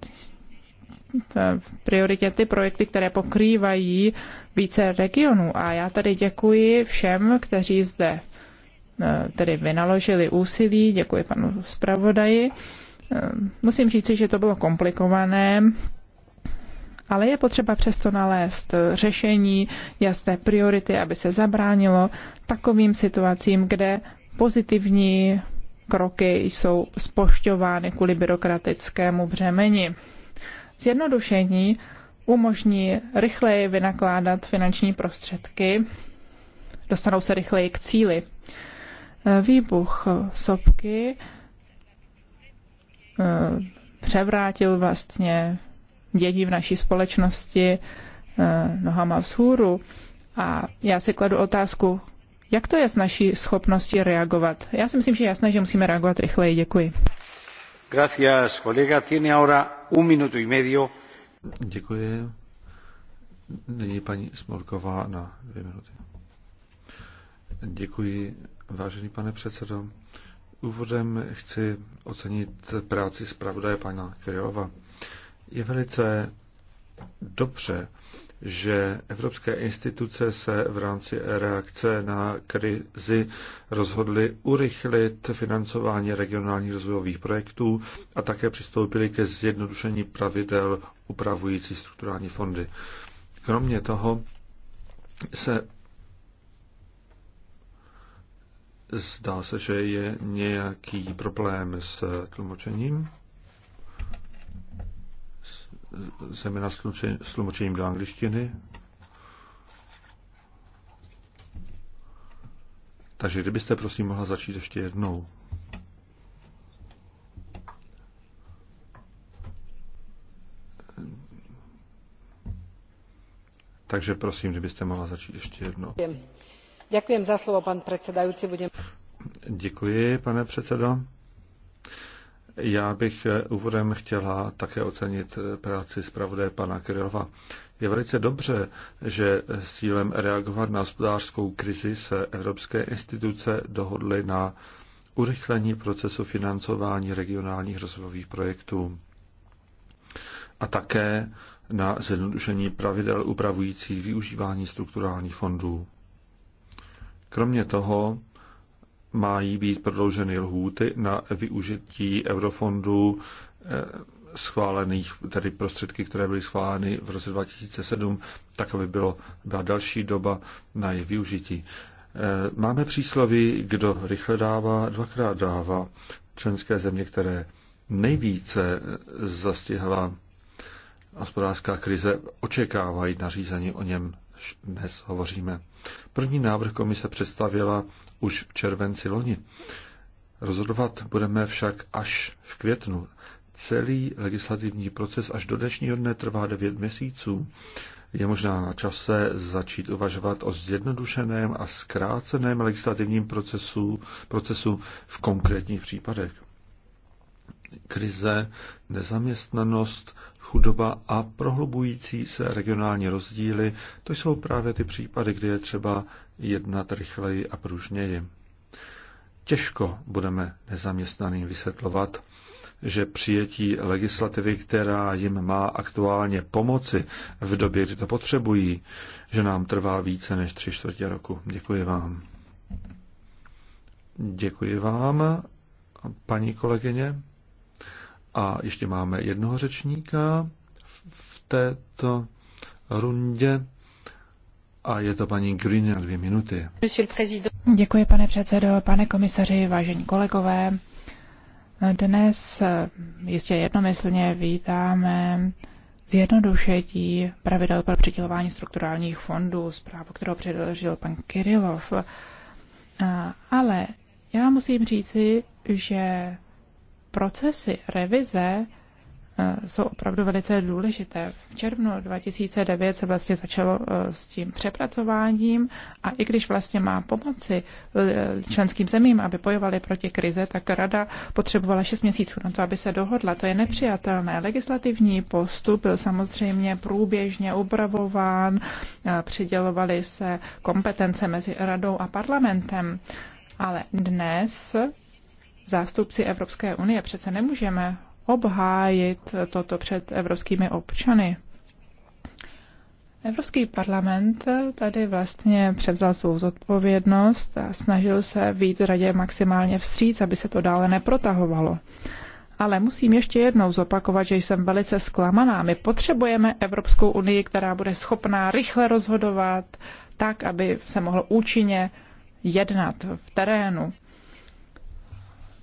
eh, v prioritě ty projekty, které pokrývají více regionů. A já tady děkuji všem, kteří zde eh, tedy vynaložili úsilí, děkuji panu zpravodaji. Musím říci, že to bylo komplikované, ale je potřeba přesto nalézt eh, řešení, jasné priority, aby se zabránilo takovým situacím, kde pozitivní kroky jsou spošťovány kvůli byrokratickému břemeni. Zjednodušení umožní rychleji vynakládat finanční prostředky, dostanou se rychleji k cíli. Eh, výbuch sopky eh, převrátil vlastně dědí v naší společnosti eh, nohama vzhůru. A já si kladu otázku, jak to je s naší schopností reagovat? Já si myslím, že je jasné, že musíme reagovat rychleji. Děkuji.
Gracias, kolega. Tiene ahora un minuto y medio. Děkuji.
Nyní paní Smolková na dvě minuty. Děkuji, vážený pane předsedo. Úvodem chci ocenit práci zpravodaje pana Krylova. Je velice dobře, že evropské instituce se v rámci reakce na krizi rozhodly urychlit financování regionálních rozvojových projektů a také přistoupily ke zjednodušení pravidel upravující strukturální fondy. Kromě toho se zdá se, že je nějaký problém s tlumočením zejména s tlumočením do angličtiny. Takže kdybyste prosím mohla začít ještě jednou. Takže prosím, kdybyste mohla začít ještě jednou.
Děkuji za slovo, pan předsedající. Budem...
Děkuji, pane předsedo. Já bych úvodem chtěla také ocenit práci zpravodaje pana Krylova. Je velice dobře, že s cílem reagovat na hospodářskou krizi se evropské instituce dohodly na urychlení procesu financování regionálních rozvojových projektů a také na zjednodušení pravidel upravujících využívání strukturálních fondů. Kromě toho mají být prodlouženy lhůty na využití eurofondů eh, schválených, tedy prostředky, které byly schváleny v roce 2007, tak, aby bylo, byla další doba na jejich využití. Eh, máme přísloví, kdo rychle dává, dvakrát dává. Členské země, které nejvíce eh, zastihla hospodářská krize, očekávají nařízení o něm proč dnes hovoříme. První návrh komise představila už v červenci loni. Rozhodovat budeme však až v květnu. Celý legislativní proces až do dnešního dne trvá 9 měsíců. Je možná na čase začít uvažovat o zjednodušeném a zkráceném legislativním procesu, procesu v konkrétních případech krize, nezaměstnanost, chudoba a prohlubující se regionální rozdíly, to jsou právě ty případy, kdy je třeba jednat rychleji a pružněji. Těžko budeme nezaměstnaným vysvětlovat, že přijetí legislativy, která jim má aktuálně pomoci v době, kdy to potřebují, že nám trvá více než tři čtvrtě roku. Děkuji vám. Děkuji vám, paní kolegyně. A ještě máme jednoho řečníka v této rundě a je to paní Green na dvě minuty.
Děkuji, pane předsedo, pane komisaři, vážení kolegové. Dnes jistě jednomyslně vítáme zjednodušení pravidel pro přidělování strukturálních fondů, zprávu, kterou předložil pan Kirilov. Ale já musím říci, že procesy revize eh, jsou opravdu velice důležité. V červnu 2009 se vlastně začalo eh, s tím přepracováním a i když vlastně má pomoci eh, členským zemím, aby bojovali proti krize, tak rada potřebovala 6 měsíců na to, aby se dohodla. To je nepřijatelné. Legislativní postup byl samozřejmě průběžně upravován, přidělovaly se kompetence mezi radou a parlamentem. Ale dnes zástupci Evropské unie. Přece nemůžeme obhájit toto před evropskými občany. Evropský parlament tady vlastně převzal svou zodpovědnost a snažil se víc radě maximálně vstříc, aby se to dále neprotahovalo. Ale musím ještě jednou zopakovat, že jsem velice zklamaná. My potřebujeme Evropskou unii, která bude schopná rychle rozhodovat tak, aby se mohlo účinně jednat v terénu.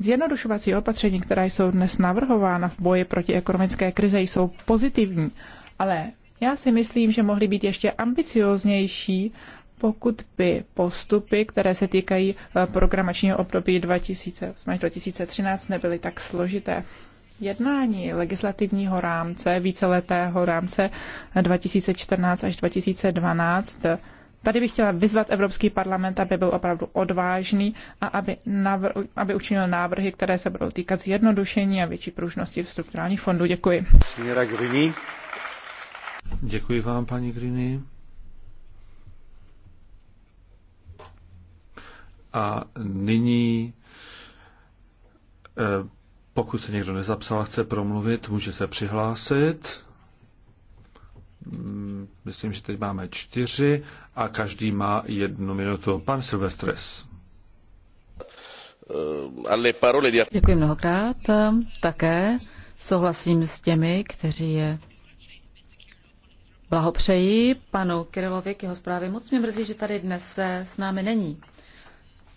Zjednodušovací opatření, která jsou dnes navrhována v boji proti ekonomické krize, jsou pozitivní, ale já si myslím, že mohly být ještě ambicioznější, pokud by postupy, které se týkají eh, programačního období 2008 až 2013, nebyly tak složité. Jednání legislativního rámce, víceletého rámce 2014 eh, až 2012, Tady bych chtěla vyzvat Evropský parlament, aby byl opravdu odvážný a aby, navr- aby učinil návrhy, které se budou týkat zjednodušení a větší pružnosti v strukturálních fondů. Děkuji.
Děkuji vám, paní Grini. A nyní, eh, pokud se někdo nezapsal a chce promluvit, může se přihlásit. Mm, myslím, že teď máme čtyři a každý má jednu minutu. Pan Silvestres. Eh, Děkuji
mnohokrát. Také souhlasím s těmi, kteří je blahopřejí panu Kirilovi k jeho zprávě. Moc mě mrzí, že tady dnes se s námi není.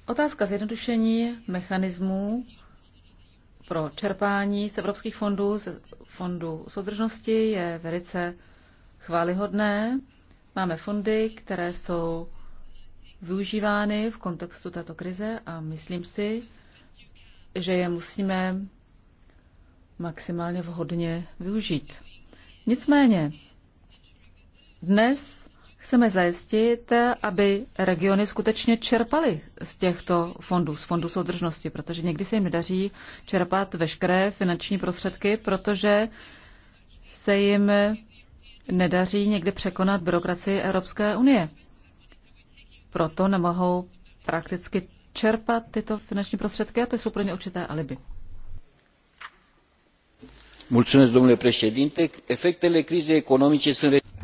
Otázka zjednodušení mechanismů pro čerpání z evropských fondů, z fondů soudržnosti je velice chválihodné. Máme fondy, které jsou využívány v kontextu této krize a myslím si, že je musíme maximálně vhodně využít. Nicméně, dnes chceme zajistit, aby regiony skutečně čerpaly z těchto fondů, z fondů soudržnosti, protože někdy se jim nedaří čerpat veškeré finanční prostředky, protože se jim nedaří někdy překonat byrokracii Evropské unie. Proto nemohou prakticky čerpat tyto finanční prostředky a to jsou pro ně určité alibi.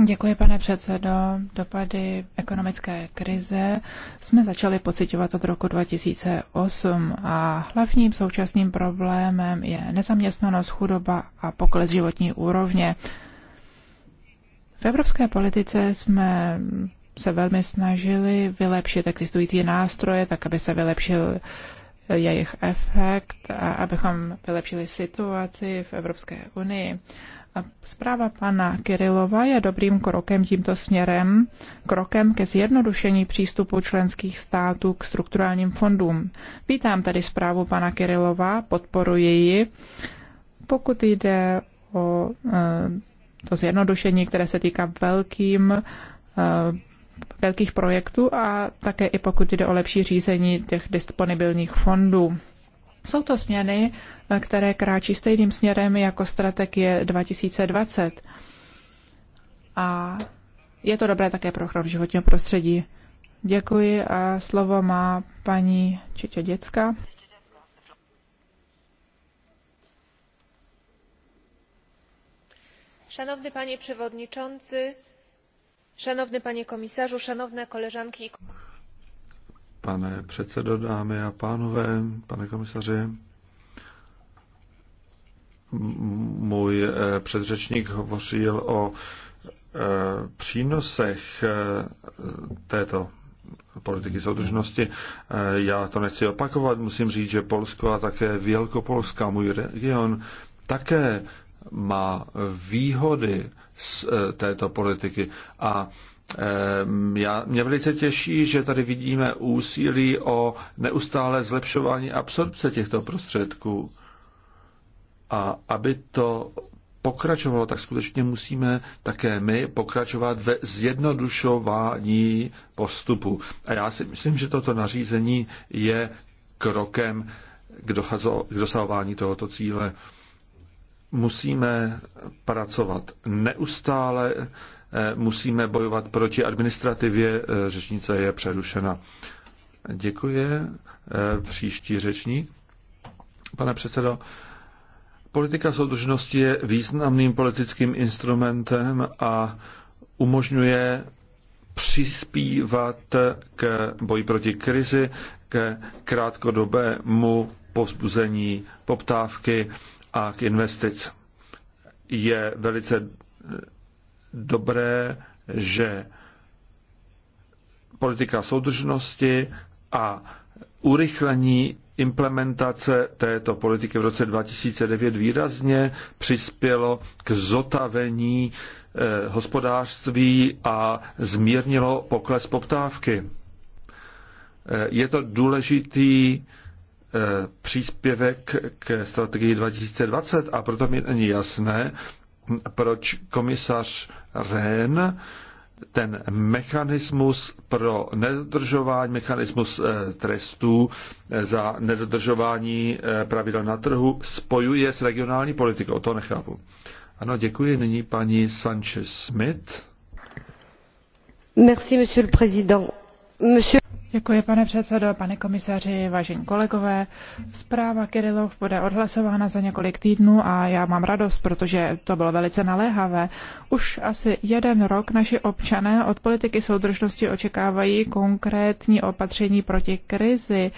Děkuji, pane předsedo. Dopady ekonomické krize jsme začali pocitovat od roku 2008 a hlavním současným problémem je nezaměstnanost, chudoba a pokles životní úrovně. V evropské politice jsme se velmi snažili vylepšit existující nástroje, tak aby se vylepšil jejich efekt a abychom vylepšili situaci v Evropské unii. A zpráva pana Kirilova je dobrým krokem tímto směrem, krokem ke zjednodušení přístupu členských států k strukturálním fondům. Vítám tady zprávu pana Kirilova, podporuji ji. Pokud jde o eh, to zjednodušení, které se týká velkým eh, velkých projektů a také i pokud jde o lepší řízení těch disponibilních fondů. Jsou to změny, eh, které kráčí stejným směrem jako strategie 2020. A je to dobré také pro ochranu životního prostředí. Děkuji a slovo má paní Čiče Děcka. szanowny panie przewodniczący szanowny panie komisarzu szanowne koleżanki i
Pane předsedo, dámy a pánové, pane komisaři, můj eh, předřečník hovořil o eh, přínosech eh, této politiky soudržnosti. Já to nechci opakovat, musím říct, že Polsko a také Vělkopolska, můj region, také má výhody z eh, této politiky. A eh, já, mě velice těší, že tady vidíme úsilí o neustále zlepšování absorpce těchto prostředků. A aby to pokračovalo, tak skutečně musíme také my pokračovat ve zjednodušování postupu. A já si myslím, že toto nařízení je krokem k, dosahování tohoto cíle musíme pracovat neustále, eh, musíme bojovat proti administrativě, eh, řečnice je přerušena. Děkuji. Eh, příští řečník. Pane předsedo, politika soudržnosti je významným politickým instrumentem a umožňuje přispívat k boji proti krizi, ke krátkodobému povzbuzení poptávky a k investic. Je velice dobré, že politika soudržnosti a urychlení implementace této politiky v roce 2009 výrazně přispělo k zotavení eh, hospodářství a zmírnilo pokles poptávky. Eh, je to důležitý Eh, příspěvek k strategii 2020 a proto mi není jasné, proč komisař Rehn ten mechanismus pro nedodržování, mechanismus eh, trestů eh, za nedodržování pravidel na trhu spojuje s regionální politikou. To nechápu. Ano, děkuji. Nyní paní Sanchez-Smith.
Merci, monsieur le président. Monsieur Děkuji, pane předsedo, pane komisaři, vážení kolegové. Zpráva Kirilov bude odhlasována za několik týdnů a já mám radost, protože to bylo velice naléhavé. Už asi jeden rok naši občané od politiky soudržnosti očekávají konkrétní opatření proti krizi.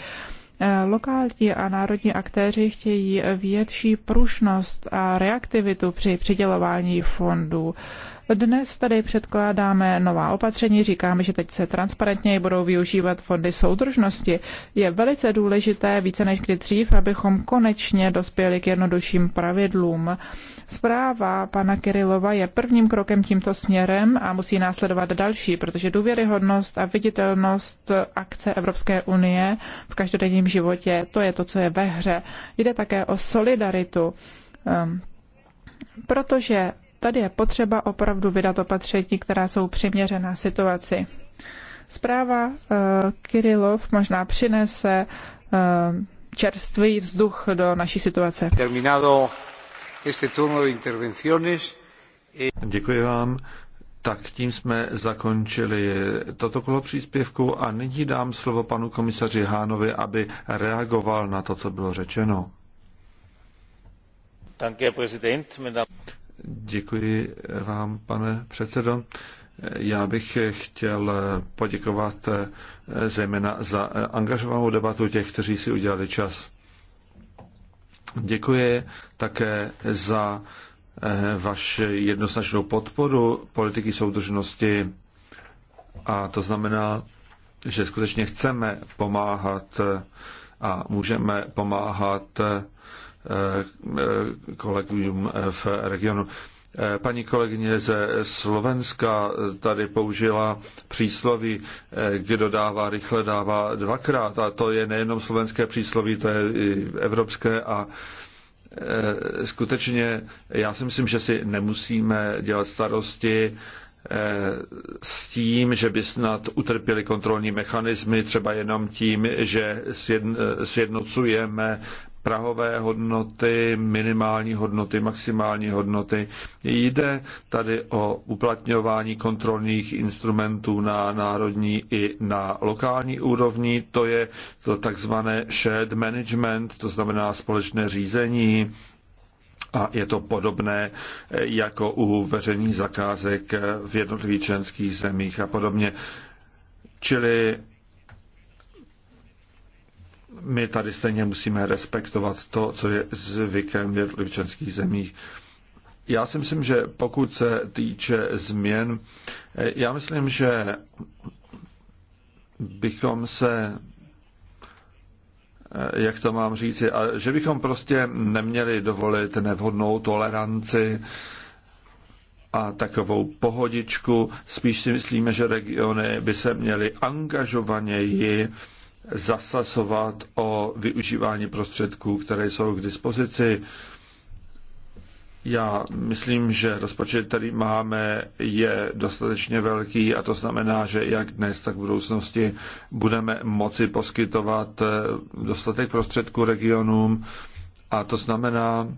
Lokální a národní aktéři chtějí větší pružnost a reaktivitu při přidělování fondů. Dnes tady předkládáme nová opatření, říkáme, že teď se transparentněji budou využívat fondy soudržnosti. Je velice důležité více než kdy dřív, abychom konečně dospěli k jednodušším pravidlům. Zpráva pana Kirilova je prvním krokem tímto směrem a musí následovat další, protože důvěryhodnost a viditelnost akce Evropské unie v každodenním životě, to je to, co je ve hře. Jde také o solidaritu ehm, protože Tady je potřeba opravdu vydat opatření, která jsou přiměřená situaci. Zpráva eh, Kirilov možná přinese eh, čerstvý vzduch do naší situace.
Terminado este turno
de intervenciones. Eh, Děkuji vám. Tak tím jsme zakončili toto kolo příspěvku a nyní dám slovo panu komisaři Hánovi, aby reagoval na to, co bylo řečeno. Děkuji vám, pane předsedo. Já bych chtěl poděkovat eh, zejména za eh, angažovanou debatu těch, kteří si udělali čas. Děkuji také za eh, vaši jednoznačnou podporu politiky soudržnosti a to znamená, že skutečně chceme pomáhat a můžeme pomáhat Eh, kolegům v regionu. Eh, paní kolegyně ze Slovenska tady použila přísloví, eh, kdo dává rychle, dává dvakrát. A to je nejenom slovenské přísloví, to je i evropské a skutečně já si myslím, že si nemusíme dělat starosti s tím, že by snad utrpěli kontrolní mechanismy, třeba jenom tím, že sjednocujeme prahové hodnoty, minimální hodnoty, maximální hodnoty. Jde tady o uplatňování kontrolních instrumentů na národní i na lokální úrovni. To je to takzvané shared management, to znamená společné řízení. A je to podobné jako u veřejných zakázek v jednotlivých členských zemích a podobně. Čili my tady stejně musíme respektovat to, co je zvykem v jednotlivých zemích. Já si myslím, že pokud se týče změn, já myslím, že bychom se, jak to mám říct, že bychom prostě neměli dovolit nevhodnou toleranci a takovou pohodičku. Spíš si myslíme, že regiony by se měly angažovaněji zasazovat o využívání prostředků, které jsou k dispozici. Já myslím, že rozpočet, který máme, je dostatečně velký a to znamená, že jak dnes, tak v budoucnosti budeme moci poskytovat eh, dostatek prostředků regionům a to znamená,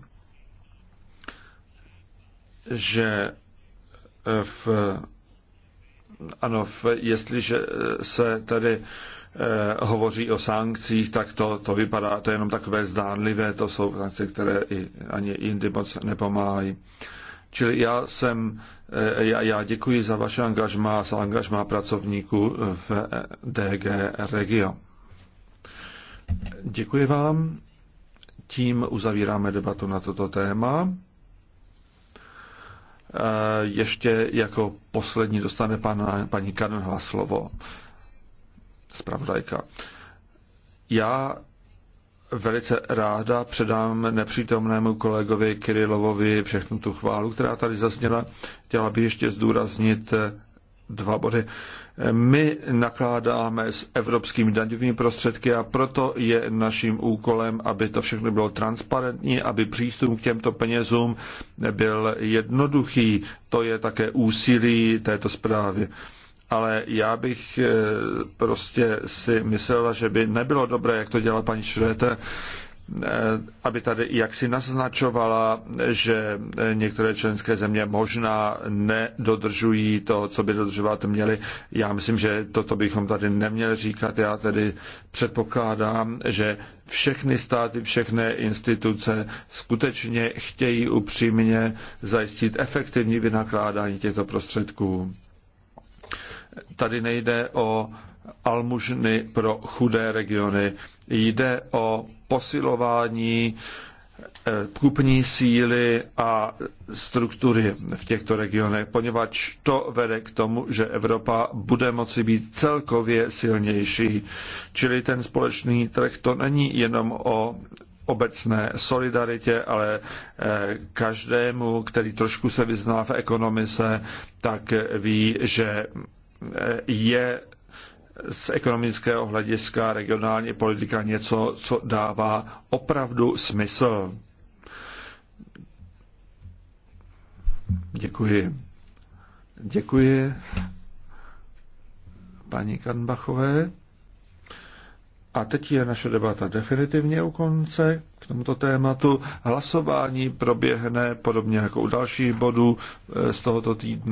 že eh, v, ano, v, jestliže eh, se tady Eh, hovoří o sankcích, tak to, to vypadá, to je jenom takové zdánlivé, to jsou sankce, které i, ani jindy moc nepomáhají. Čili já jsem, eh, já, já děkuji za vaše angažmá, za angažmá pracovníků v DG Regio. Děkuji vám. Tím uzavíráme debatu na toto téma. Eh, ještě jako poslední dostane pana, paní Kadenhla slovo zpravodajka. Já velice ráda předám nepřítomnému kolegovi Kirilovovi všechnu tu chválu, která tady zazněla. Chtěla bych ještě zdůraznit eh, dva body. My nakládáme s evropskými daňovými prostředky a proto je naším úkolem, aby to všechno bylo transparentní, aby přístup k těmto penězům byl jednoduchý. To je také úsilí této zprávy ale já bych eh, prostě si myslela, že by nebylo dobré, jak to dělá paní Šrete, eh, aby tady jaksi naznačovala, že eh, některé členské země možná nedodržují to, co by dodržovat měly. Já myslím, že toto bychom tady neměli říkat. Já tedy předpokládám, že všechny státy, všechny instituce skutečně chtějí upřímně zajistit efektivní vynakládání těchto prostředků tady nejde o almužny pro chudé regiony. Jde o posilování eh, kupní síly a struktury v těchto regionech, poněvadž to vede k tomu, že Evropa bude moci být celkově silnější. Čili ten společný trh to není jenom o obecné solidaritě, ale eh, každému, který trošku se vyzná v ekonomice, tak ví, že je z ekonomického hlediska regionální politika něco, co dává opravdu smysl. Děkuji. Děkuji paní Kanbachové. A teď je naše debata definitivně u konce k tomuto tématu. Hlasování proběhne podobně jako u dalších bodů eh, z tohoto týdne.